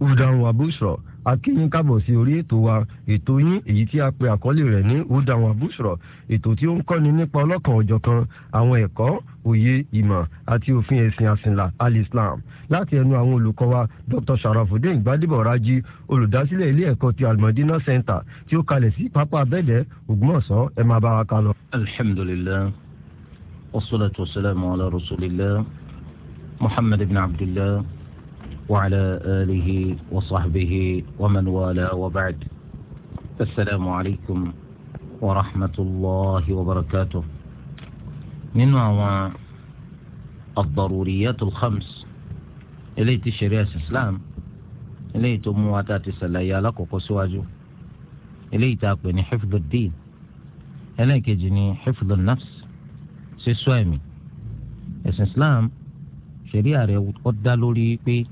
udan wa bushra akínyìn kábọ̀ sí orí ètò wa ètò yín èyí tí a pe àkọlé rẹ̀ ní udan wa bushra ètò tí ó ń kọ́ni nípa ọlọ́kan ọ̀jọ̀kan àwọn ẹ̀kọ́ òye ìmọ̀ àti òfin ẹ̀sìn àsìnlá alislam láti ẹnu àwọn olùkọ́ wa dr sharafudin gbadebo raji olùdásílẹ̀ ilé ẹ̀kọ́ ti almadina center tí ó kalẹ̀ sí pápá abẹ́dẹ̀ ògbómọ̀ṣọ́ ẹ máa bá wa kálọ. alhamdulilayi wasalaatu wasalaamu ala rasulillah muhammad ibn abdillah. وعلى آله وصحبه ومن والاه وبعد السلام عليكم ورحمة الله وبركاته من هو الضروريات الخمس إليت شريعة الإسلام إليت مواتات سلايا لك وقسواجه إليه تاقبني حفظ الدين إليك كجني حفظ النفس سيسوامي إسلام شريعة قد لوري بي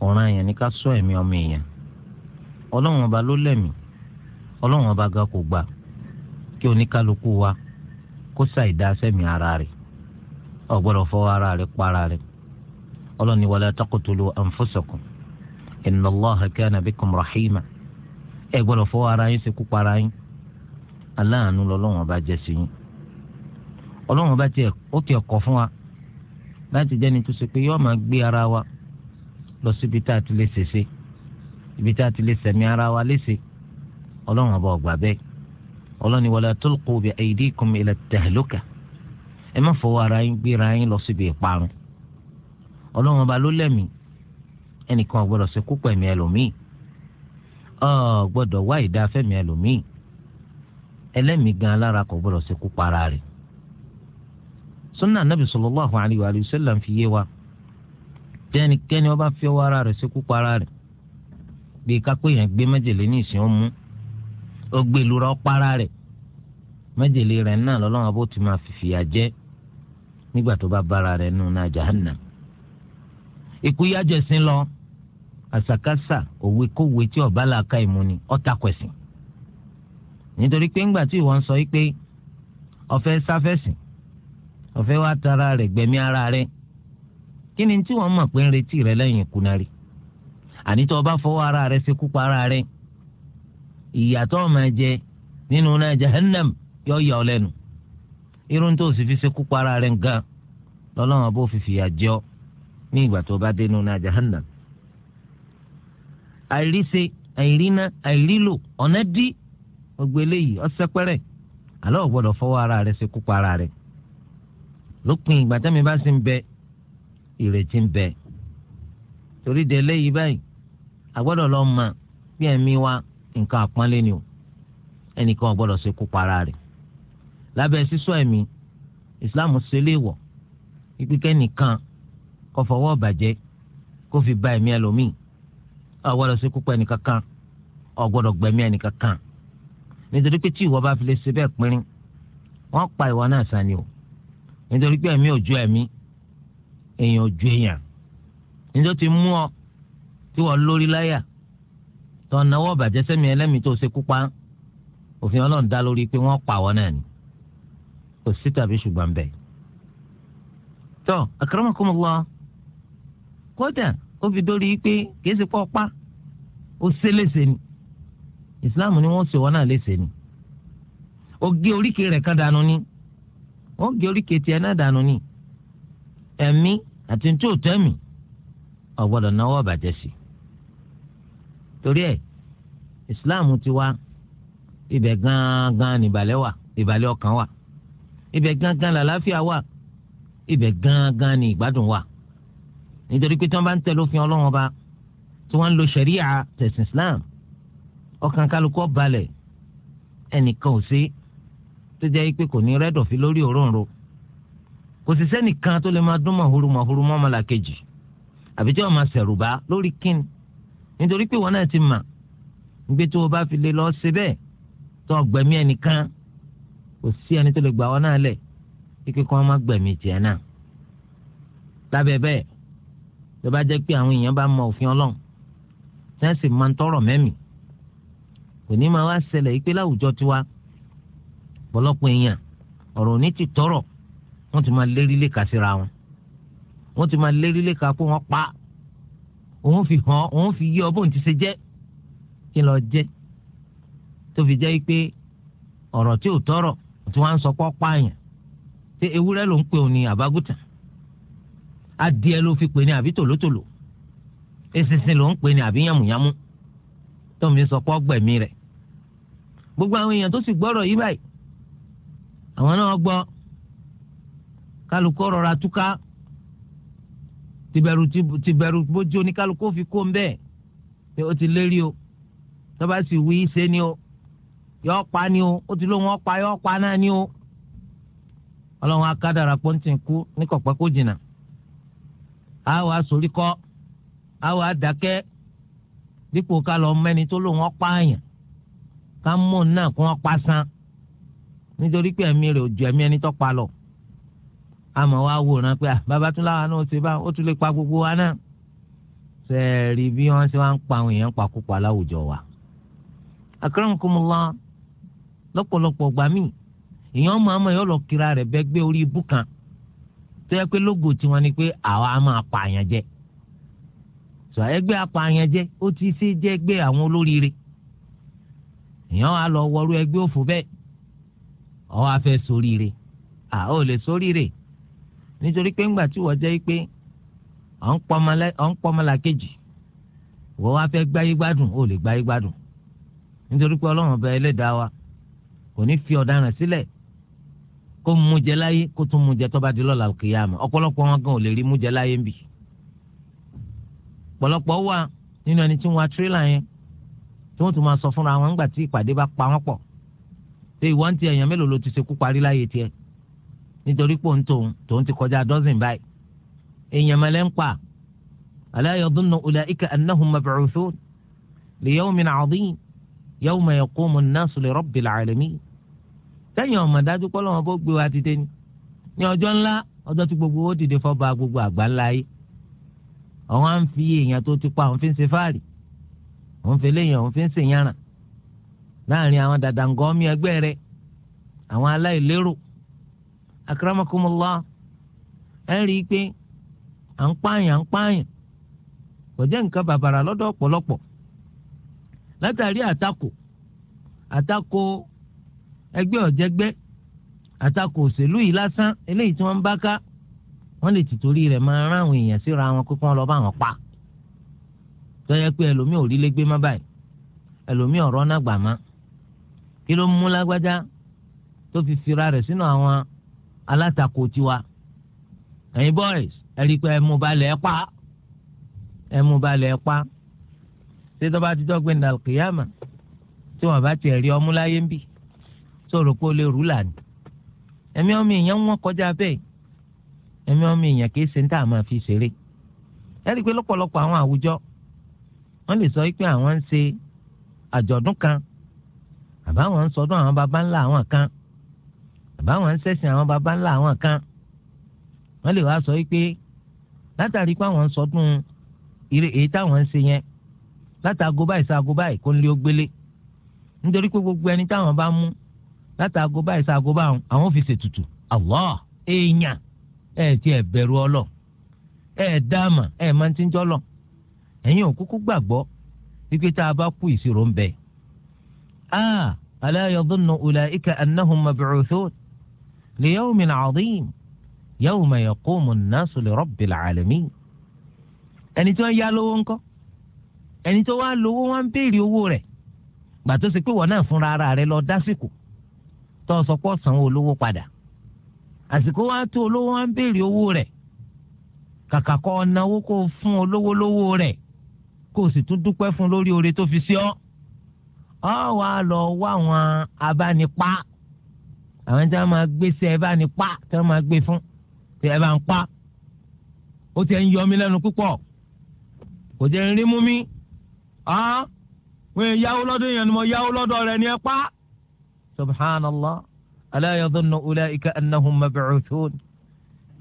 ọ̀ràn yẹn ní ká sọ ẹ̀mí ọmọ èèyàn ọlọ́run ọba ló lẹ́mìí ọlọ́run ọba gan kò gbà kí oníkálukú wa kó ṣàìdá sẹ́mi ara rẹ̀ ò fọwọ́ ara rẹ̀ para rẹ̀ ọlọ́run ní inna rahima ẹ ara yín ṣekú para yín aláàánú lọ́lọ́run ọba jẹ́ sí yín ọlọ́run ọba tiẹ̀ ó tiẹ̀ fún wa láti jẹ́ni lọ síbi tá a ti lè ṣèṣe ibi tá a ti lè sẹ̀mí ara wa léṣe ọlọ́run ọba ọgbà bẹ́ẹ̀ ọlọ́ni wala tulqu bi aydikum ila tahluka ẹ má fọwọ́ ara yín gbéra yín lọ síbi ìparun ọlọ́run ọba ló lẹ́mí ẹnìkan ọgbọ́dọ̀ ṣe kúpọ̀ ẹ̀mí ẹlòmíì ọ gbọ́dọ̀ wá ìdáfẹ́mí ẹlòmíì ẹlẹ́mìí gan alára kò gbọ́dọ̀ ṣe kúpa ara rẹ̀ sunna anabi tẹ́nikẹ́ni ọba fi ọwọ ara rẹ ṣekú para rẹ̀ bí kápẹ́ yẹn gbé májèlé ní ìsìn ọmú ó gbé lura ọ̀para rẹ. májèlé rẹ náà lọ́lọ́wọ́n bó ti máa fìfìyà jẹ nígbà tó bá bára rẹ nù náà jahannam ikú yájẹsìn lọ àṣàkáṣà òwe kówe tí ọba làákà ọta kwẹsìn nítorí pé ńgbà tí sọ tara ara gịnị tí wọn mọ̀ pé ń retí rẹ lẹyìn ìkùnà rẹ̀ àní tó o bá fọwọ́ ara rẹ ṣe kú para rẹ ìyàtọ̀ máa jẹ nínú náà jahannam yọ yà ọ lẹ́nu irun tó o sì fi ṣe kú rẹ gan lọ́lọ́wọ́n bó fi fìyà jẹ ní ìgbà tó o bá dé náà jahannam àìríṣe àìrílò ọ̀nà dí gbogbo eléyìí ọ̀sẹ̀ pẹ́rẹ́ àlọ́ ò gbọ́dọ̀ fọwọ́ ara rẹ ìrètí ń bẹ torí de léyìí báyìí àgbọ́dọ̀ lọ mọ bí ẹ̀mí wa nǹkan àpọ́nlé ni o ẹnìkan ọ̀gbọ́dọ̀ ṣekú para rẹ̀ lábẹ́ sísọ ẹ̀mí islam ṣe léèwọ̀ pípẹ́ nìkan kó fọwọ́ bàjẹ́ kó fi ba ẹ̀mí ẹlòmíì ọ̀gbọ́dọ̀ ṣekú pa ẹnìkan kan ọ̀gbọ́dọ̀ gbẹ̀mí ẹnìkan kan nítorí pé tí ìwọ bá fi lè ṣe bẹ́ẹ̀ pínrín wọ́n pa ìwọ náà sani o nítorí pé ẹ̀mí ò ju ẹ̀mí èèyàn ju èèyàn níjọ́ ti mú ọ tí wọ́n lórí láyà tó náwó ọ̀bàjẹ́ sẹ́mi ẹlẹ́mìí tó ṣe kúpa òfin ọlọ́run dá lórí pé wọ́n pa àwọn náà ni kò sí tàbí ṣùgbọ́n bẹ́ẹ̀. tó akramakumullah kódà ó fi dórí pé kìí ṣe pọ́ pa ó ṣe léṣe ni ìsìláàmù ni wọ́n ṣe wọ́n náà léṣe ni ó gé oríkèé rẹ̀ kan dànù ni wọ́n gé oríkèé tiẹ̀ náà dànù ni ẹ̀mí àti ní tí ò tẹ́mì ọ̀gbọ́dọ̀ náwó ọ̀bàjẹ́ sí. torí ẹ̀ ìsìláàmù ti wá ibẹ̀ gángan nìbàlẹ̀ wà ìbàlẹ̀ ọkàn wà ibẹ̀ gángan làlàáfíà wà ibẹ̀ gángan ní ìgbádùn wà nítorí pé tí wọ́n bá ń tẹ̀ lófin ọlọ́wọ́n bá tí wọ́n ń lo ṣẹ̀ríà tẹ̀sìn islam ọkàn kálukú balẹ̀ ẹnìkan ò sí tó jẹ́ pé kò ní rẹ́dọ̀fí lórí òróǹro kò sì sẹ́nìkan tó lè máa dún màhúrú màhúrú mọ́mọ́lá kejì àbí tí wọ́n máa ṣẹ̀rùbá lórí kíni nítorí pé wọn náà ti mà gbé tó o bá fi lè lọ ṣe bẹ́ẹ̀ tó o gbẹ̀mí ẹnìkan kò sí ẹni tó lè gbà wọn náà lẹ̀ kíkẹ́ kí wọ́n má gbẹ̀mí tiẹ̀ náà lábẹ́ bẹ́ẹ̀ tó bá jẹ́ pé àwọn èèyàn bá mọ òfin ọlọ́run tí wọ́n sì máa ń tọrọ mẹ́mì kò ní máa wá ṣẹlẹ̀ yìí pé láwùjọ tiwa ọ̀pọ̀lọpọ̀ wọ́n ti máa lérí lè kà síra wọn wọ́n ti máa lérí lè kà pé wọ́n pa òun fi hàn òun fi yí ọbọ̀n ti ṣe jẹ́ kí lọ jẹ́ tó fi jẹ́ pé ọ̀rọ̀ tí ò tọrọ̀ tí wọ́n á ń sọ pọ́ pààyàn ṣé ewúrẹ́ ló ń pè òun ní àbágùtàn adìẹ ló fi pè ní àbí tòlótòló eṣinṣin ló ń pè ní àbí yàmùyàmù tó mi sọ pọ́ gbẹ̀mí rẹ̀ gbogbo àwọn èèyàn tó sì gbọ́rọ̀ yí báyìí àwọn náà gbọ́ kálukú rọra túká tìbẹ̀rù tìbẹ̀rù bójú oníkálukú fi kó ń bẹ́ẹ̀ pé ó ti lérí o tọ́ba sì wí ṣe ni o yọ pa ni o ó ti lóun ọ̀pa yọ pa náà ni o ọlọ́run akádàrà pọ́ńtì ń kú ní kọ̀pẹ́ kó jìnnà a wàá sórí kọ́ wàá dákẹ́ dípò ká lọ mẹ́ni tó lóun ọ̀pa àyàn ká mọ̀ náà kó wọ́n pa san nítorí pé ẹ̀mí rẹ̀ ò ju ẹ̀mí ẹni tó pa lọ. àmọ́ wá wòran pé ah, bàbá tún láwa náà ṣe bá ó tún lè pa gbogbo wa náà rí bí wọ́n ṣe wá ń pa àwọn èèyàn pakúpa láwùjọ wa. akramakumullah lọ́pọ̀lọpọ̀ gbà míì èèyàn ọmọ àmọ́ yóò lọ kíra rẹ̀ bẹ́ gbé orí ibú kan tó yẹ pé lógo tiwọn ni pé àwa á máa pa àyàn jẹ sọ ẹgbẹ́ apààyàn jẹ ó ti ṣe jẹ́ ẹgbẹ́ àwọn olóríire èèyàn á lọ wọrú ẹgbẹ́ òfò bẹ́ẹ̀ ó wá fẹ́ ṣoríire à ó lè ṣoríire. nítorí pé ńgbà tí wọ́n jẹ́ pé ọ̀ pọ́nmọ́lá kejì wọ́n wá fẹ́ gbáyé gbádùn ó lè gbáyé gbádùn nítorí pé ọlọ́run ọba ẹlẹ́dàá wa kò ní fi ọ̀daràn sílẹ̀ kó mú jẹ láyé kó tún mú jẹ tó bá di lọ́la kìyàmù ọ̀pọ̀lọpọ̀ wọn gan ò lè rí mú jẹ láyé ń bì pọ̀lọpọ̀ wà nínú ẹni tí wọ́n á tírélà yẹn tí wọ́n tún máa sọ fúnra wọn ńgbà tí ìpàdé bá pa wọ́n pọ̀ pé ìwọ́n nítorí pò ń tòun tòun ti kọjá dọ́sìn báyìí èèyàn mẹ́lẹ́ ń pa ala yadunnu ulaika annahum mab'uthun li yawmin 'adhim yawma yaqumu an-nasu li rabbil 'alamin sẹ́yìn ọ̀mọ̀ dájú pé Ọlọ́run bó gbé wa dìde ni ní ọjọ́ ńlá ọjọ́ tí gbogbo ó dìde fọ́ba gbogbo àgbà ńlá yìí àwọn à ń fi èèyàn tó ti pa òun fi ń ṣe fáàrí òun fi léèyàn òun fi ń ṣèyànràn láàrin àwọn dàdàǹgọ́mí ẹgbẹ́ rẹ̀ àwọn aláìlérò akramakumullah ẹ rí i pé à kò jẹ́ nǹkan babara lọ́dọ̀ ọ̀pọ̀lọpọ̀ látàrí àtakò àtakò ẹgbẹ́ ọ̀jẹ̀gbẹ́ àtakò òṣèlú yìí lásán eléyìí tí wọ́n bá ká wọn lè tìtorí rẹ̀ máa rán àwọn èèyàn síra pa tọ́yẹ pé ẹlòmíì ò má báyìí ẹlòmíì ọ̀rọ̀ náà gbà má fira rẹ̀ sínú àwọn alátakò tiwa ẹ̀yin boys ẹ̀rí pé ẹmu balẹ̀ ẹ pa ẹmu balẹ̀ ẹ pa ṣé tó bá ti dọ́gbẹ́ ní alùkìyàmà tí wọ́n bá tiẹ̀ rí ọmú láyé ń bì sọ̀rọ̀ pé ó lè rú lànà ẹ̀mí ọmọ èèyàn wọ́n kọjá bẹ́ẹ̀ ẹ̀mí ọmọ èèyàn kì ṣe ń tà máa fi ṣeré ẹ̀rí pé lọ́pọ̀lọpọ̀ àwọn àwùjọ wọ́n lè sọ pé àwọn ń ṣe àjọ̀dún kan àbáwọn ń sọdún àwọn baba àwọn kan àbáwọn ń ṣẹ̀sìn àwọn baba ńlá àwọn kan wọ́n lè wá sọ wípé látàrí pé àwọn ń sọdún ire èyí táwọn ń ṣe yẹn látàgó báyìí sáàgó báyìí kó ń lé ó gbélé nítorí pé gbogbo ẹni táwọn bá mú látàgó báyìí sáàgó báyìí àwọn fi ṣètùtù Allah èèyàn ẹ ti ẹ ọlọ ẹ dáàmà ẹ máa ti ń jọlọ ẹ̀yin ò kúkú gbàgbọ́ wípé tá a bá kú ìṣirò ń bẹ. Ah, ala yadhunnu ulaika annahum mab'uthun ليوم عظيم يوم يقوم الناس لرب العالمين ẹni tí wọ́n yá lówó ńkọ́ ẹni tó wá lówó wọ́n ń béèrè owó rẹ̀ gbà tó ṣe pé wọ́n náà fúnra ara rẹ̀ lọ dásìkò tó sọ pé ọsàn olówó padà àsìkò wá tó olówó wọ́n ń béèrè owó rẹ̀ kàkà kọ náwó kó fún olówó lówó rẹ̀ kó o sì tún dúpẹ́ fún lórí oore tó fi sí ọ ọ wàá lọ wá àwọn abánipá àwọn tí wọn máa gbé sí ẹ bá ní pa tí wọn máa gbé fún tí ẹ bá ń pa ó ti ń yọ mí lẹ́nu púpọ̀ kò jẹ́ ń rí mú mi wọ́n yáwó lọ́dọ̀ yẹn ni mo yáwó lọ́dọ̀ rẹ̀ ni ẹ pa. subhanallah ala yadhunnu ulaika annahum mab'uthun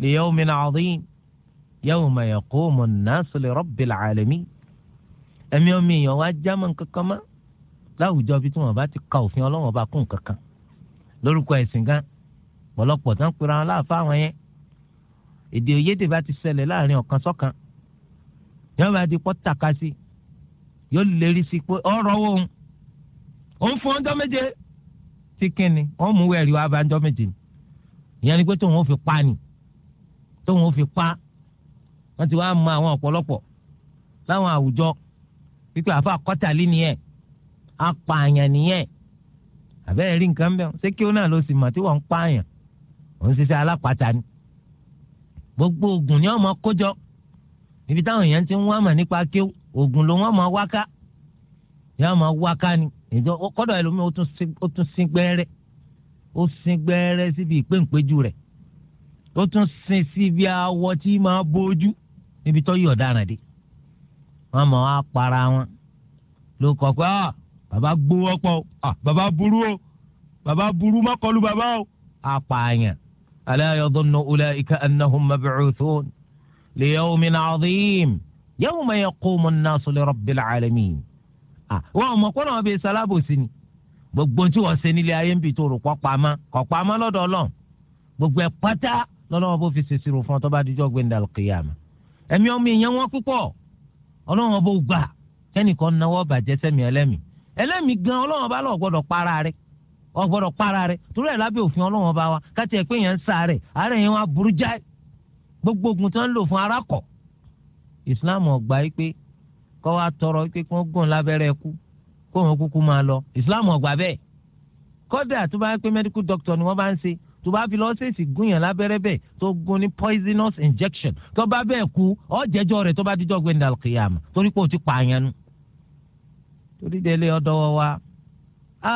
li yawmin 'azim yawma yaqumu nasu li rabbil 'alamin. ẹ̀mí ọmọ èèyàn wá jámọ̀ mọ́ láwùjọ bí tí wọ́n bá ti ka òfin ọlọ́wọ́n bá kún nǹkan lórúkọ ẹ̀sìn gan pọ̀lọpọ̀ tán pera wọn láàfáà wọn yẹn èdè òyédè bá ti ṣẹlẹ̀ láàrin ọ̀kan sọ́kan yóò bá di pọ́tàkà sí yóò lérí sí pé ọ̀rọ̀ wo òun òun fún ọjọ́ méje tí kínni wọ́n mú ẹ̀rí wá bá ọjọ́ méje ni ìyẹn ni pé tóun ò fi pa ni tóun ò fi pa wọ́n ti wá mọ àwọn ọ̀pọ̀lọpọ̀ láwọn àwùjọ pípẹ́ àfa àkọ́tàlí nìyẹn apààyàn nìyẹn àbẹ́ẹ̀ rí nǹkan bẹ́ẹ̀ ṣé kí ó náà ló sì mà tí wọ́n ń pààyàn òun ṣiṣẹ́ alápàtà ni gbogbo oògùn ni wọ́n máa kójọ níbi táwọn èèyàn ti ń wá mà nípa kéw oògùn ló wọ́n máa wáká yóò máa wáká ni ìjọ kọ́dọ̀ ẹlòmíràn ó tún sín gbẹ́rẹ́ ó sín gbẹ́rẹ́ síbi ìpéǹpéjú rẹ̀ ó tún sin síbi awọ tí máa bójú níbi tó yí ọ̀daràn wọ́n máa wá para wọn ló kọ̀ pé ọ́ ah, bàbá gbowó pọ̀ bàbá burú o bàbá burú má kọlù bàbá o apààyàn. ala yadhunnu ulaika annahum mab'uthun li yawmin 'azim yawma yaqumu an-nasu li rabbil 'alamin. wọn ò mọ̀ kó náà bíi sálábòsí ni gbogbo tí wọ́n ṣe nílé ayé ń bì tó rò kọ́ pamọ́ kọ́ pamọ́ lọ́dọ̀ gbogbo ẹ̀ pátá lọ́lọ́wọ́ bó fi ṣèṣirò fún ọ tó bá dijọ́ gbẹ̀ndà kìyàmá ẹ̀mí ọmọ èèyàn wọn púpọ̀ ọlọ́run ọba ògbà kẹ́nìkan náwó bàjẹ́ sẹ́mi ẹlẹ́mìí ẹlẹ́mìí gan ọlọ́wọ́n bá lọ́ọ̀ gbọ́dọ̀ para rẹ̀ ọ̀ gbọ́dọ̀ para rẹ̀ torí ẹ̀ lábẹ́ òfin ọlọ́wọ́n bá wa káti ẹ̀ pé yẹn ń sa rẹ̀ àárẹ̀ yẹn wá burú jáì gbogbo ogun tí wọ́n ń lò fún arákọ̀ ìsìláàmù ọ̀gbà yìí pé kọ́ wa tọrọ pé kí wọ́n gùn lábẹ́rẹ́ kú kó wọn kúkú máa lọ ìsìláàmù ọ̀gbà bẹ́ẹ̀ kọ́dà tó bá pé medical doctor ni wọ́n bá ń ṣe tó bá fi lọ ṣèṣì gún lábẹ́rẹ́ bẹ́ẹ̀ tó gún ní poisonous injection tó bá bẹ́ẹ̀ kú ó jẹ́jọ́ rẹ̀ tó bá díjọ́ gbẹ̀ndàlùkìyàmù torí pé ó ti pààyàn nù torí délé ọdọwọ wa a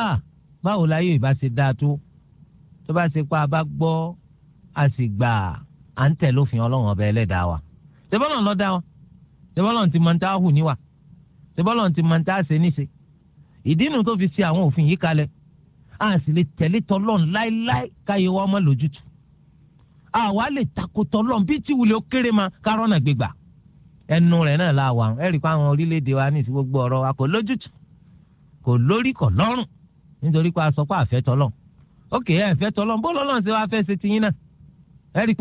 ah, báwo láyé ìbá ṣe dáa tó tó bá ṣe pa a bá gbọ́ a sì gbà à ń tẹ̀ lófin ọlọ́run ọba ẹlẹ́dàá wa tẹ́bọ́lọ̀ ló dá wa tẹ́bọ́lọ̀ ti máa ń tá a hù níwà tẹ́bọ́lọ̀ ti máa ń tá a ṣe níṣe ìdínú tó fi ṣe àwọn òfin yìí kalẹ̀ a sì lè tẹ̀lé tọlọ́run láéláé káyé wa ọmọ lójútu àwa lè takò tọlọ́run bí tí wulẹ̀ ó kéré ma kárọ́nà gbégbà ẹnu rẹ̀ náà la wà ẹ̀rí pa àwọn orílẹ̀-èdè wa ní gbogbo ọ̀rọ̀ wa kò lójútùú kò lórí kò lọ́rùn nítorí pé a sọ pé àfẹ́ tọ́lọ̀ ókè ẹ̀fẹ́ tọ́lọ̀ bó lọ́lọ́run ṣe wá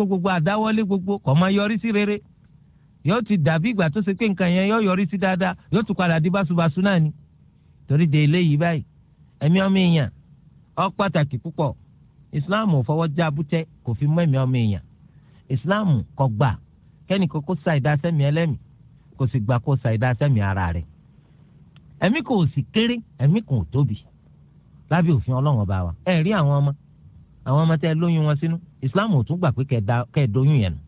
gbogbo adawole gbogbo kò máa yọrí sí rere yóò ti dàbí ìgbà tó ṣe pé nǹkan yẹn yóò yọrí sí dáadáa yóò tún padà di báṣubàṣu náà ni torí de eléyìí báyìí ẹ̀mí ọmọ èèyàn pàtàkì púpọ̀ ìsìláàmù kẹ́nìkan kó sa ìdásẹ́mi ẹlẹ́mì kò sì gbà kó sa ìdásẹ́mi ara rẹ̀ ẹ̀mí kò sì kéré ẹ̀mí kò tóbi lábẹ́ òfin ọlọ́run ọba wa ẹ rí àwọn ọmọ àwọn ọmọ tẹ́ lóyún wọn sínú islam ò tún gbà pé kẹ́ ẹ doyún yẹn nù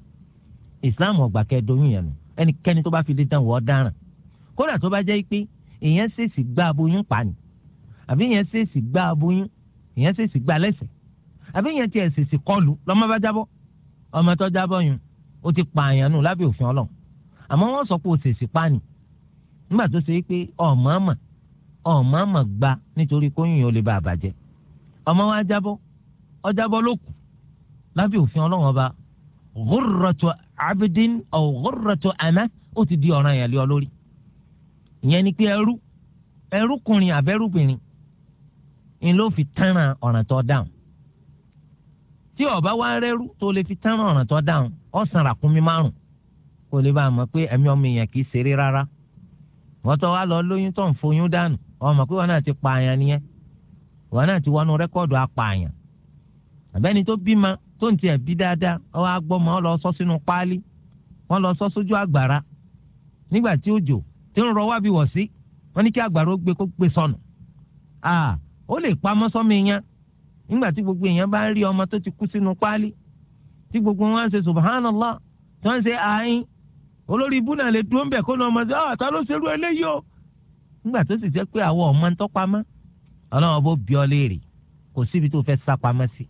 islam ò gbà kẹ́ ẹ doyún yẹn nù ẹnikẹ́ni tó bá fi dídán wọ́ dáràn kódà tó bá jẹ́ pé èèyàn ṣèèṣì gbá aboyún pa àbí èèyàn ṣèèṣì gbá aboyún èèyàn ṣèèṣì gbá lẹ́sẹ̀ àbí èèyàn tiẹ̀ ṣèèṣì kọlù lọ́mọ bá jábọ́ ọmọ tó jábọ́ yun ó ti pààyàn nù lábẹ́ òfin ọlọ́run àmọ́ wọ́n sọ pé o ṣèṣì pààyàn nígbà tó ṣe pé ọ̀mọ̀ọ́mọ̀ ọ̀mọ̀ọ́mọ̀ gba nítorí kóyìn ó lè bá àbàjẹ́ ọmọ wa jábọ́ ọjábọ́ ló kù lábẹ́ òfin ọlọ́run ọba ghurratu abidin aw ghurratu ana ó ti di ọ̀ràn yẹn lé ọ lórí ìyẹn ni pé ẹrú ẹrúkùnrin àbẹ́rúbìnrin ni ló fi tẹ́ràn ọ̀ràn tó dáhùn tí ọba wa rẹ́rú tó lè fi tẹ́ràn ọ̀ràn tó dáhùn ọ sara ràkúnmí márùn kó lè bá a mọ̀ pé ẹ̀mí ọmọ èèyàn kìí í ṣeré rárá wọ́n tọ́ wa lọ lóyún tó ń foyún dànù ọmọ pé wọn náà ti pààyàn nìyẹn wọn náà ti wọnú rẹ́kọ́ọ̀dù apààyàn àbẹ́ni tó bímọ tó ń tiẹ̀ bí dáadáa ọwọ́ agbọ́mọ ọ sọ sínú páálí lọ sọ sójú àgbàrá nígbà tí òjò tí ń rọ wá bí wọ̀ sí ní kí àgbàrá ó gbé kó gbé sọnù ó lè pamọ́ sọ́mi yẹn nígbà tí gbogbo èèyàn bá ń rí ọmọ ti kú sínú páálí tí gbogbo wọn ṣe subhanallah tí wọn ṣe ààyìn olórí ibú náà lè dúró ń bẹ̀ kó ní ọmọ sí ọ ah, ta ló ṣerú eléyìí o nígbà tó sì jẹ́ pé àwọn ọmọ ń tọpamọ́ Ọlọ́run bó bí ọ léèrè kò síbi tó fẹ́ sá pamọ́ sí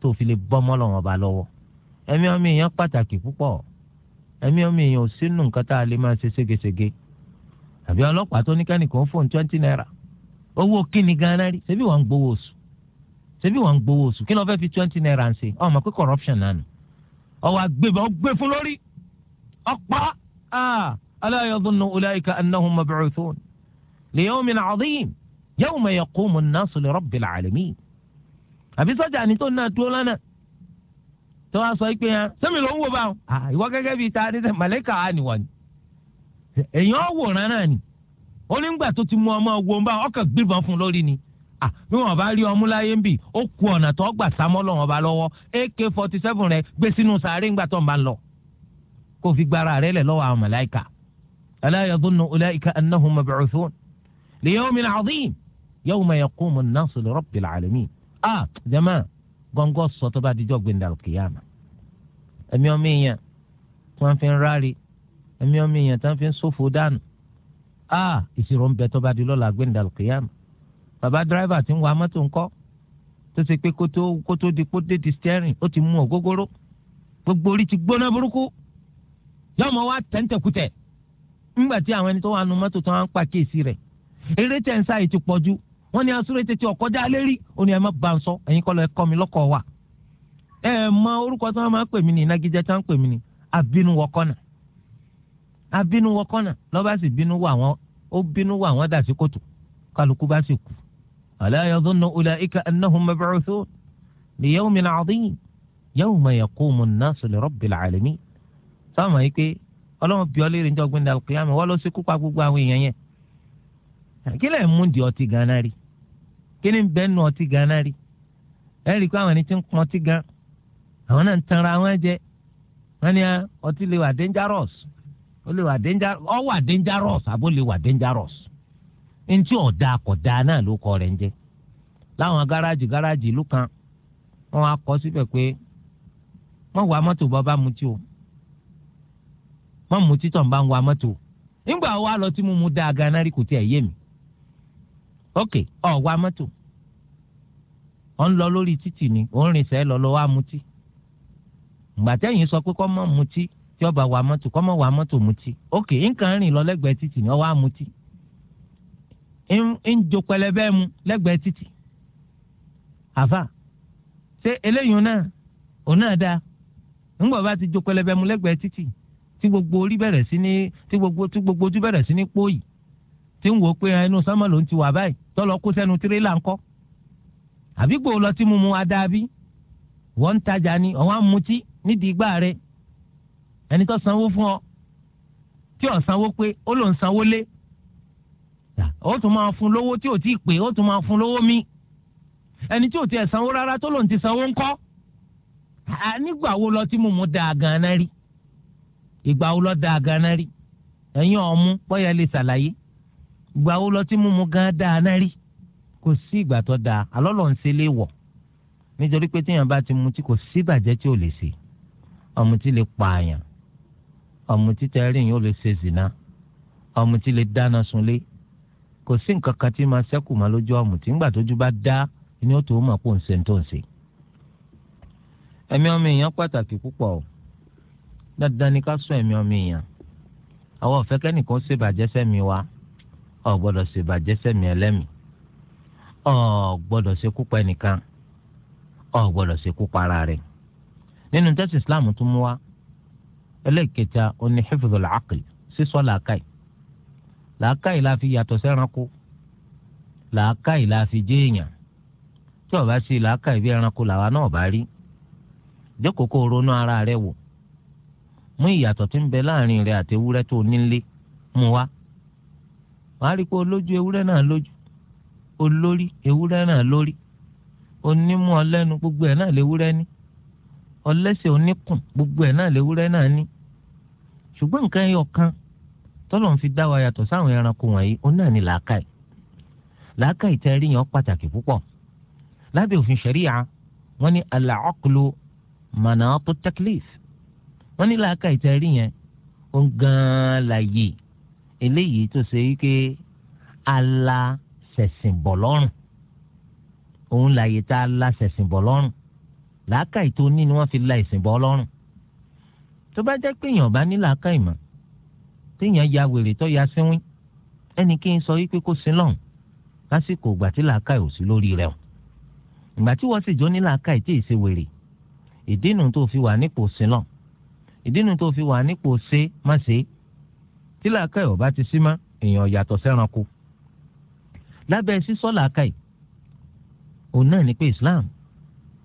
tó fi lè bọ́ mọ́lọ́run ọba lọ́wọ́ ẹ̀mí ọmọ èèyàn pàtàkì púpọ̀ ẹ̀mí ọmọ èèyàn ò sínú nǹkan tá a lè máa ṣe ségesège àbí ọlọ́pàá tó ní kẹ́nìkan fóun twenty naira owó kíni ganan rí ṣebí wọ́n ń gbowó oṣù ṣebí wọ́n ń gbowó oṣù kí ló fẹ́ fi twenty naira ń ṣe ọmọ pé corruption náà ọwọ́ agbébọn ó gbé fún lórí ọ̀pá ala ah, yadhunnu ulaika annahum mab'uthun li yawmin 'azim yawma yaqumu an-nasu li rabbil 'alamin. àbí sọ́jà ni tó náà dúró lánàá tó wá sọ pé hàn sẹ́mi ló ń wò báwọn ah, ìwọ gẹ́gẹ́ bíi ta ni màlẹ́kà á nìwọ ni èèyàn wòran náà ni ó nígbà tó ti mú ọmọ wo báwọn ọkàn gbébọn fún lórí ni à ah, bí wọn bá rí ọmú láyé ń bì ó ku ọ̀nà tó gbà sámọ́ lọ́wọ́n bá lọ́wọ́ ak forty seven rẹ gbé sínú sàárè ńgbà tó ń bá ń lọ kó fi gbára rẹ lẹ̀ lọ́wọ́ àwọn màláíkà ala yadhunnu ulaika annahum mab'uthun li yawmin 'azim yawma yaqumu an-nasu li rabbil 'alamin ah jama gọ́ngọ́ sọ tó bá dijọ́ gbẹ̀ndàlùkìyàmà ẹ̀mí ọmọ èèyàn tí wọ́n fi ń ráre ẹ̀mí ọmọ èèyàn bàbá dírẹ́fà tí ń wa mọ́tò ńkọ́ tó ṣe pé kótó kótó di kótó di stẹ́rìn ó ti mú ògógóró gbogbo orí ti gbóná burúkú yọmọ wa tẹ́ǹtẹ̀kùtẹ̀ ńgbà tí àwọn ẹni tó wà nu mọ́tò tó wà ń pàkíyèsí rẹ̀ eré tẹ̀ ń sáyé ti pọ̀jù wọ́n ní asúré tètè ọ̀kọ́dá lérí ó ní ẹ má ba ń sọ ẹ̀yin kọ́ lọ ẹ kọ́ mi lọ́kọ̀ wa ẹ mọ orúkọ tí wọ́n máa ń pè mí ní nagijẹ tí wọ́n ń pè mí ní abínú wọkọ́nà abínú wọkọ́nà lọ́ba sì bínú wà wọ́n ó bínú wà wọ́n dà sí kòtò kálukú bá sì kú ألا يظن أولئك أنهم مبعوثون ليوم عظيم يوم يقوم الناس لرب العالمين sáàmù yìí pé ọlọ́run bí ọlẹ́rìí ní ọgbìn dàlùkìyàmù wọ́n lọ sí kópa gbogbo àwọn èèyàn yẹn kí lẹ́ẹ̀ mú di ọtí gan náà rí kí ni bẹ́ẹ̀ nu ọtí gan náà rí ẹ rí i pé àwọn ẹni tí ń pọn ọtí gan àwọn náà ń tanra wọn jẹ wọn ni ah, ọtí lè wà dangerous ó lè wà dangerous ó wà dangerous àbó lè wà dangerous ntí ọ̀dà kọ̀dà náà ló kọ rẹ̀ ń jẹ́ láwọn gáràjì gáràjì ìlú kan wọn á kọ síbẹ̀ pé wọ́n wa mọ́tò bá mutí o mutí ń bá ń wa mọ́tò nígbà lọ tí mo mu rí ok ọ̀ mọ́tò ọ ń ni ń lọ lọ́wọ́ amutí sọ pé kọ́ mọ́ mutí tí ọba mọ́tò kọ́ mọ́ mọ́tò mutí ok nǹkan rìn lọ lẹ́gbẹ̀ẹ́ títì ni ń jo pẹlẹbẹ mu lẹ́gbẹ̀ẹ́ títì àfà ṣé eléyìí náà òun náà dáa ńgbà bá ti jo pẹlẹbẹ mu lẹ́gbẹ̀ẹ́ títì tí gbogbo orí bẹ̀rẹ̀ sí ní tí gbogbo tí gbogbo ojú bẹ̀rẹ̀ sí ní pòyì tí ń wò ó pé ẹnu sánmà ló ń ti wà báyìí tọ́lọ kó sẹ́nu tirẹ́là ńkọ́ àbí gbòó lọ tí mo mu adáabí wọ́n ń tajà ni ọ̀wọ́n á mutí nídìí igbá rẹ̀ ẹni tó sanwó fún ọ tí ò sanwó pé ó lòún sanwó lé ó tún máa fún lówó tí ò tí ì pé ó tún máa fún lówó mi ẹni tí ò tiẹ̀ sanwó rárá tó lòun ti sanwó ńkọ́ nígbà wo lọ tí mo mú dáa gan-an rí ìgbà wo lọ dáa gan-an rí ẹ̀yin ọ̀mú bọ́yá lè ṣàlàyé ìgbà wo lọ tí mo mú gan-an dáa rí kò sí ìgbà tó dáa alọ́lọ́ ń ṣe lé nítorí pé téèyàn bá ti mutí kò sí ìbàjẹ́ tí ò lè ṣe ọ̀mùtí lè pààyàn ọ̀mùtí tẹ́rìn yóò lè ṣe zìnà ọ̀mùtí lè dáná sunlé kò sí nǹkan kan tí máa ṣẹ́kù máa lójú ọ̀mùtí ńgbà tójú bá dá ni ó tó mọ̀ pò ń ṣe tó ń ṣe. ẹ̀mí ọmọ èèyàn pàtàkì púpọ̀ o dandan ni ká sọ ẹ̀mí ọmọ èèyàn àwọn ọ̀fẹ́ kẹ́nìkan sẹ́mi wa Islam mú wa ẹlẹ́ẹ̀kẹta oní làákàyè la fi yàtọ̀ sẹ́ranko làákàyè la fi jẹ́ èèyàn tí ó bá sí làákàyè bí ẹranko làwa náà bá rí jókòó kó ronú ara rẹ wò mú ìyàtọ̀ tí ń bẹ láàrin rẹ àti ewúrẹ́ tó nílé mú wá wàá rí i pé olójú ewúrẹ́ náà lójú olórí ewúrẹ́ náà lórí onímú ọlẹ́nu gbogbo ẹ̀ náà léwúrẹ́ ní ọlẹ́sẹ̀ oníkùn gbogbo ẹ̀ náà léwúrẹ́ náà ní ṣùgbọ́n nǹkan ẹyọ kan tọ́lọ̀ ń fi dá wa yàtọ̀ sáwọn ẹranko wọ̀nyí ó náà ní làákàì làákàì tẹ́ rí yẹn pàtàkì púpọ̀ lábẹ́ òfin ṣẹ̀ríà wọ́n ní al-aqlu manatu taklif wọ́n ní làákàì tẹ́ rí yẹn ó ń gan-an láàyè eléyìí tó ṣe wípé ala bọ̀ lọ́rùn òun láàyè tá a bọ̀ lọ́rùn làákàì tó ní ni wọ́n fi la bọ̀ lọ́rùn tó bá jẹ́ pé èèyàn bá ní làákàì mọ́ téèyàn ya wèrè tó ya sínwín ẹnì kí n sọ yí pé kó sin lọ́hùn lásìkò ìgbà tí làákàyè ò sí lórí rẹ̀ o ìgbà tí wọ́n sì jó ní làákàyè tí ì ṣe wèrè ìdínú tó fi wà nípò sin lọ́hùn ìdínú tó fi wà nípò ṣe má ṣe tí làákàyè ò bá ti sí mọ́ èèyàn yàtọ̀ sẹ́ranko lábẹ́ sísọ́ làákàyè òun náà ni pé Islam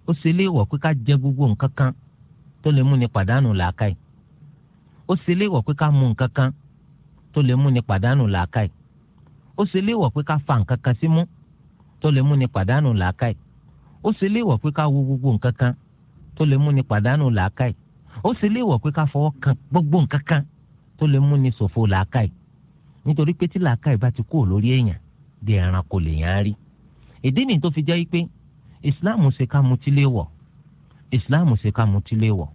ó ṣe léèwọ̀ pé ká jẹ gbogbo nǹkan kan tó lè mú ni pàdánù làákàyè ó ṣe léèwọ̀ pé ká mu nǹkan kan tó lè mú ni pàdánù làákàyè ó ṣe léèwọ̀ pé ká fa nǹkan kan sí mú tó lè mú ni pàdánù làákàyè ó ṣe léèwọ̀ pé ká wo gbogbo nǹkan kan tó lè mú ni pàdánù làákàyè ó ṣe léèwọ̀ pé ká fọwọ́ kan gbogbo nǹkan kan tó lè mú ni ṣòfò làákàyè nítorí pé tí làákàyè bá ti kúrò lórí èèyàn di ẹranko lèèyàn á rí ìdí nìyí tó fi jẹ́ pé ìsìláàmù ṣe ká mutí léèwọ̀ ìsìláàmù ṣe ká mutí léèwọ̀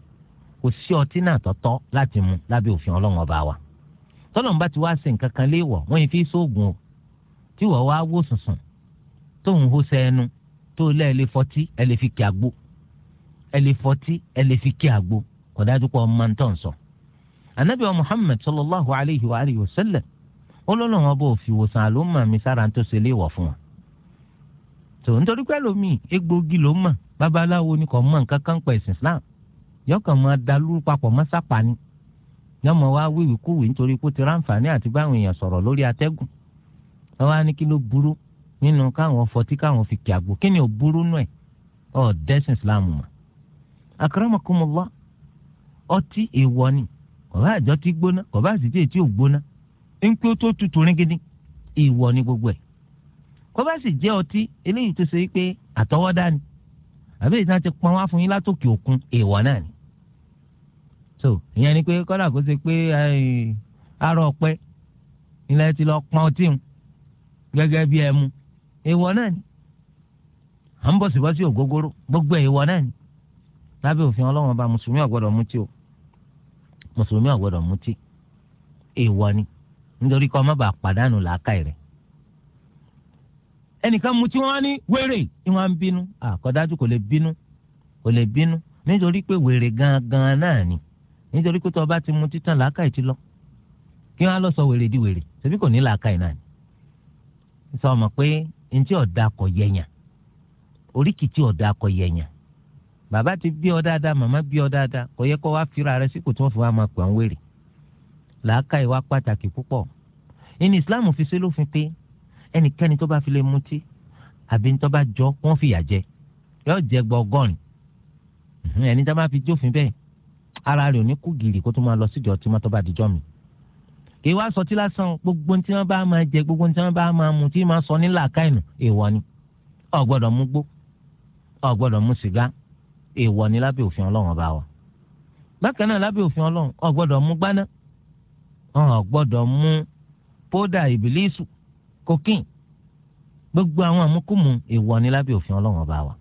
kò sí ọtí náà tọ́tọ́ láti mu lábẹ́ òfin ọlọ́run ọba wa tọ́lọ́n bá ti wá sí nǹkan kan léèwọ̀ wọ́n yìí fi sóògùn o tí wọ́n wá wò sùnsùn tó ń hó sẹ́nu tó lẹ́ ẹ lè fọtí ẹ lè fi kí àgbo ẹ lè fọtí ẹ lè fi kí àgbo kò dájú pé ọmọ tó sọ. anabi wa muhammed sallallahu alayhi wa alihi wa sallam ó lọ́nà wọn bó fi wòsàn àlùmọ̀ mi sára tó ṣe léèwọ̀ fún wọn. tó nítorí pé lómi egbògi ló mọ̀ babaláwo ni kò mọ̀ nǹkan kan pẹ̀ sí islam yọkàn máa dalú papọ̀ mọ́ sápá ni yọmọ wa wíwì kúwì nítorí kó ti ráǹfààní àti báwọn èèyàn sọ̀rọ̀ lórí atẹ́gùn wọn wá ní kí ló burú nínú káwọn fọtí káwọn fi kí àgbo kí ni ò burú nù ẹ̀ ọ̀ dẹ́sìn islam mọ̀ akramakumullah ọtí èèwọ̀ ni kọ̀bá àjọ ti gbóná kọ̀bá àsìtì ètí ò gbóná ńpé ó tó tutù ringidi èèwọ̀ ni gbogbo ẹ̀ kọ̀bá sì jẹ́ ọtí eléyìí tó ṣe pé àtọwọ́dá ni àbẹ́yìí tí wọ́n ti pọn wá fún yín látòkè òkun èèwọ̀ náà ni so ìyẹn ni pé kọ́dà kó ṣe pé arọ ọpẹ ilẹ̀ ti lọ pọn ọtí mu gẹ́gẹ́ bí ẹmu ìwọ náà ni à ń bọ̀ síbọ̀ sí ògógóró gbogbo ìwọ náà ni lábẹ́ òfin ọlọ́run ọba mùsùlùmí ò gbọ́dọ̀ mutí o mùsùlùmí ò gbọ́dọ̀ mutí ìwọ ni nítorí kọ́ ọ má bàa pàdánù làákàyè rẹ̀ ẹnìkan mutí wọn ní wèrè ìwọn bínú àkọ́dájú kò lè bínú kò lè bínú nítorí pé wèrè gangan náà ni nítorí pé tó o bá ti mu títàn làákàyè ti lọ kí wọn á lọ sọ wèrè di wèrè ṣebí kò ní làákàyè náà ni sọ ma pé ntí ọ̀dà kọ yẹnyàn oríkì tí ọ̀dà kọ yẹnyàn bàbá ti bí ọ dáadáa màmá bí ọ dáadáa kò yẹ kó wá fira rẹ sí kò tí wọn fi wá máa pè ń wèrè làákàyè wá pàtàkì púpọ̀ ní Islam fi ṣe lófin pé ẹnikẹ́ni tó bá fi lè mutí àbí tó bá jọ wọ́n fìyà jẹ yóò jẹ gbọgọrin ẹni tó bá fi jófin bẹ́ẹ̀ ara rẹ̀ ò ní kú gìrì kó tó máa lọ síjọ tí mọ́tò bá dijọ́ mi. ìwà sọtí lásán gbogbo tí wọ́n bá máa jẹ gbogbo tí wọ́n bá máa mu tí máa sọ ní làákàyìn èèwọ̀ ni ò gbọ́dọ̀ mú gbó ò gbọ́dọ̀ mú sìgá èèwọ̀ ni lábẹ́ òfin Ọlọ́run ọba wa. bákan náà lábẹ́ òfin Ọlọ́run ò mú gbáná ò mú pódà ìbílísù kokín gbogbo àwọn àmúkùmù èèwọ̀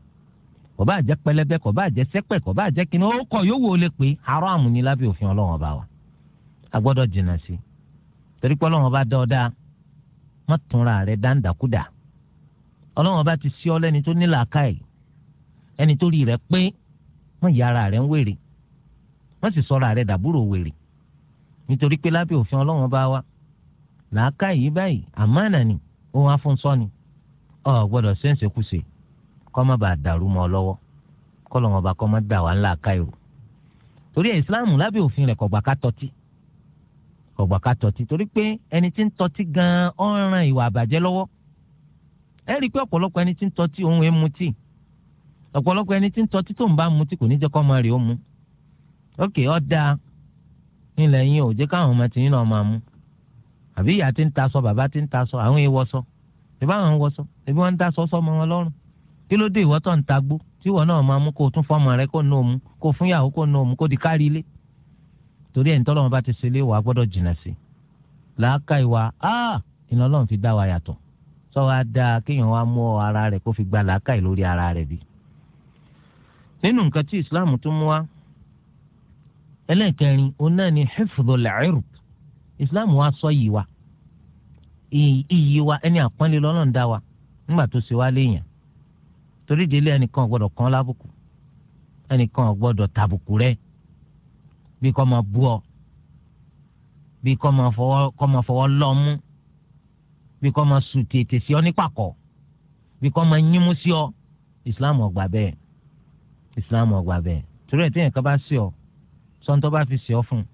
kò bá jẹ́ pẹlẹbẹ kò bá jẹ́ sẹ́pẹ̀ kò bá jẹ́ kínní ó kọ yóò wò ó lè pé haram ni lábẹ́ òfin ọlọ́run ọba wa a gbọ́dọ̀ jìnnà sí i torí pé ọlọ́run ọba dá ọ dáa má túnra rẹ dáńdàkúdà ọlọ́run ọba ti sí ọ lẹ́ni tó ní làákàyè ẹni tó rí rẹ pé má yára rẹ ń wèrè má sì sọra rẹ dàbúrò wèrè nítorí pé lábẹ́ òfin ọlọ́run ọba wa làákàyè báyìí àmánà ni òun afúnṣọ́ ni ọ gbọ́dọ̀ ṣe ń kọ́mọ bá dàrú mọ́ ọ lọ́wọ́ kọ́lọ̀ wọn bá kọ́mọ dà wá ńlá káyọ̀ torí ẹ̀ islam lábẹ́ òfin rẹ̀ kọ̀gbà ká tọ́tí kọ̀gbà ká tọ́tí torí pé ẹni tí ń tọ́tí gan-an ó ń ran ìwà àbàjẹ́ lọ́wọ́ ẹ rí i pé ọ̀pọ̀lọpọ̀ ẹni tí ń tọ́tí òun ẹ̀ mutí ọ̀pọ̀lọpọ̀ ẹni tí ń tọ́tí tó ń bá mutí kò ní jẹ́ kọ́mọ rẹ̀ ó mu ókè ọ́ dáa nílẹ̀ yín ò jẹ́ káwọn ọmọ tìyín náà máa mú àbí ìyá ti ń ta sọ bàbá ti ń ta sọ àwọn èèwọ̀ sọ ìbáwọn wọ sọ ìbí wọ́n ń dá sọ sọ́mọ wọn lọ́rùn kí ló dé ìwọ tó ń tagbó tí ìwọ náà máa mú kó o tún fọmọ rẹ kó nù òmu kó fún yàwó kó nù òmu kó di kárí ilé torí ẹni tọ́lọ́run bá ti ṣe ilé wa gbọ́dọ̀ jìnnà sí i làákà ìwà áà ah! iná ọlọ́run fi dá wa yàtọ̀ sọ wa dáa kéèyàn wa mú ara rẹ̀ kó fi gba làákà ì lórí ara rẹ̀ bí. nínú nǹkan tí islam tún mú wa ẹlẹ́ẹ̀kẹrin òun náà ni hifdhul irb islam wa sọ yìí wa iyì wa ẹni àpọ́nlé wa nígbà torí délé ẹnìkan ò gbọ́dọ̀ kàn lábùkù ẹnìkan ò gbọ́dọ̀ tàbùkù rẹ bí kò máa bú ọ bí kò máa fọwọ́ kò máa fọwọ́ lọ́mú bí kò máa sùn tètè sí ọ nípàkọ́ bí kò máa yín mú sí ọ ìsìláàmù ò gbà bẹ́ẹ̀ ìsìláàmù ò gbà bẹ́ẹ̀ torí ẹ̀ téèyàn kan bá sí ọ sọ́ńtọ́ bá fi sí ọ fún un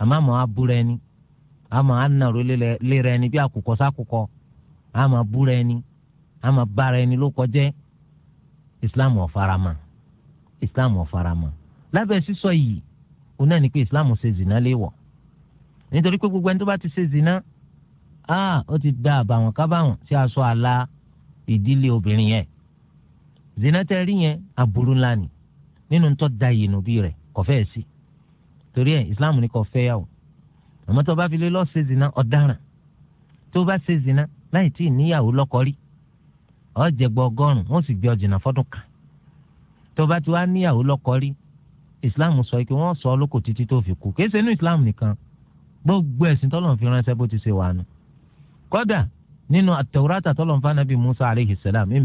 àmọ́ àmọ́ abúrẹ́ ẹni àmọ́ ànàró lé bí àkùkọ sákùkọ àmọ́ abúrẹ́ ẹni àmọ́ bára ẹni ló kọjẹ́ islam ò islam ò faramọ́ lábẹ́ sísọ yìí ó náà ní pé islam ṣe zina léwọ̀ nítorí pé gbogbo ẹni tó bá ti ṣe zina ah ó ti da àbàwọ̀n kábàwọ̀n sí aṣọ àlà ìdílé obìnrin yẹn zina tẹ́ rí yẹn aburú ńlá ni nínú tó da yìí nù bí rẹ̀ kò fẹ́ sí torí ẹ̀ islam ní kò fẹ́ yà àmọ́ tó bá fi lé lọ́ọ́ ṣe zina ọ̀daràn tó bá ṣe zina láì tí ì níyàwó lọ́kọ rí ọ̀jẹ̀gbọ́ ọgọ́rùn wọ́n sì gbé ọ̀jìnà fọ́dún kan tó bá ti wá níyàwó rí islam sọ pé wọn sọ ọlọkọ títí tó fi kú kése inú islam nìkan gbogbo ẹ̀sìn tọ́lọ́run fi ránṣẹ́ bó ti ṣe wà nù kọdà nínú àtẹwúrátà tọ́lọ́run fún musa aleyhi salam ń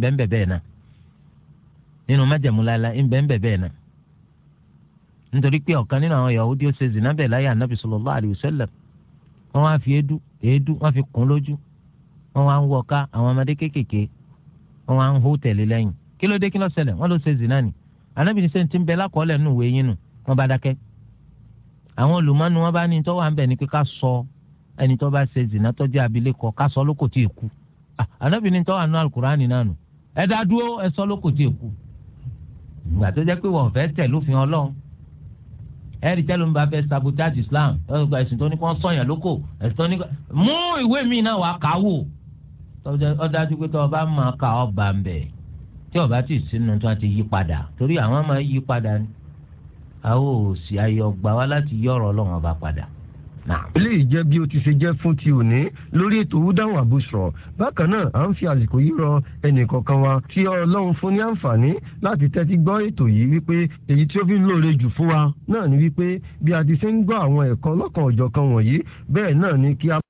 nínú ń náà nítorí pé ọ̀kan nínú àwọn anabi wọn wá ń hó tẹ̀lé lẹ́yìn kí ló dé kí ló ṣẹlẹ̀ wọn ló ṣe zina ni anábìrin ṣe ti ń bẹ lákọọ́lẹ̀ nù wé yín nù wọn bá dákẹ́ àwọn olùmọ́nu wọn bá ní tó wà ń bẹ̀ ni pé ká sọ ẹni tó bá ṣe zina tó jẹ́ abilékọ ká sọ lóko tí ì kú anábìrin ah, tó wà nù alukurani náà nù ẹ dá dúró ẹ sọ lóko tí ì kú ìgbà tó jẹ́ pé wọ́n fẹ́ tẹ̀ lófin ọlọ́run ẹ̀rí tẹ́lẹ̀ ń bá fẹ́ sabotage Islam ẹ̀sìn tó ní kó sọ̀yàn lóko ẹ̀sìn tó ní kó mú ìwé mi náà wà káwò ọdájú pé tọ́ba máa ka ọba ń bẹ̀ tí ọba ti sínú tí wọ́n ti yí padà torí àwọn máa yí padà ni àwọn ò sì ayé ọgbà wa láti yí ọ̀rọ̀ ọlọ́run ọba padà eléyìí jẹ́ bí o ti ṣe jẹ́ fún ti òní lórí ètò wúdáhùn àbúṣọ bákan náà à ń fi àsìkò yìí rọ ẹnìkọ̀ọ̀kan wa tí ọlọ́run fún ní àǹfààní láti tẹ́tí gbọ́ ètò yìí wípé èyí tí ó fi lóore jù fún wa náà ni wípé bí a ti ṣe ń gbọ́ àwọn ẹ̀kọ́ ọlọ́kan ọ̀jọ̀kan wọ̀nyí bẹ́ẹ̀ náà ni kí a.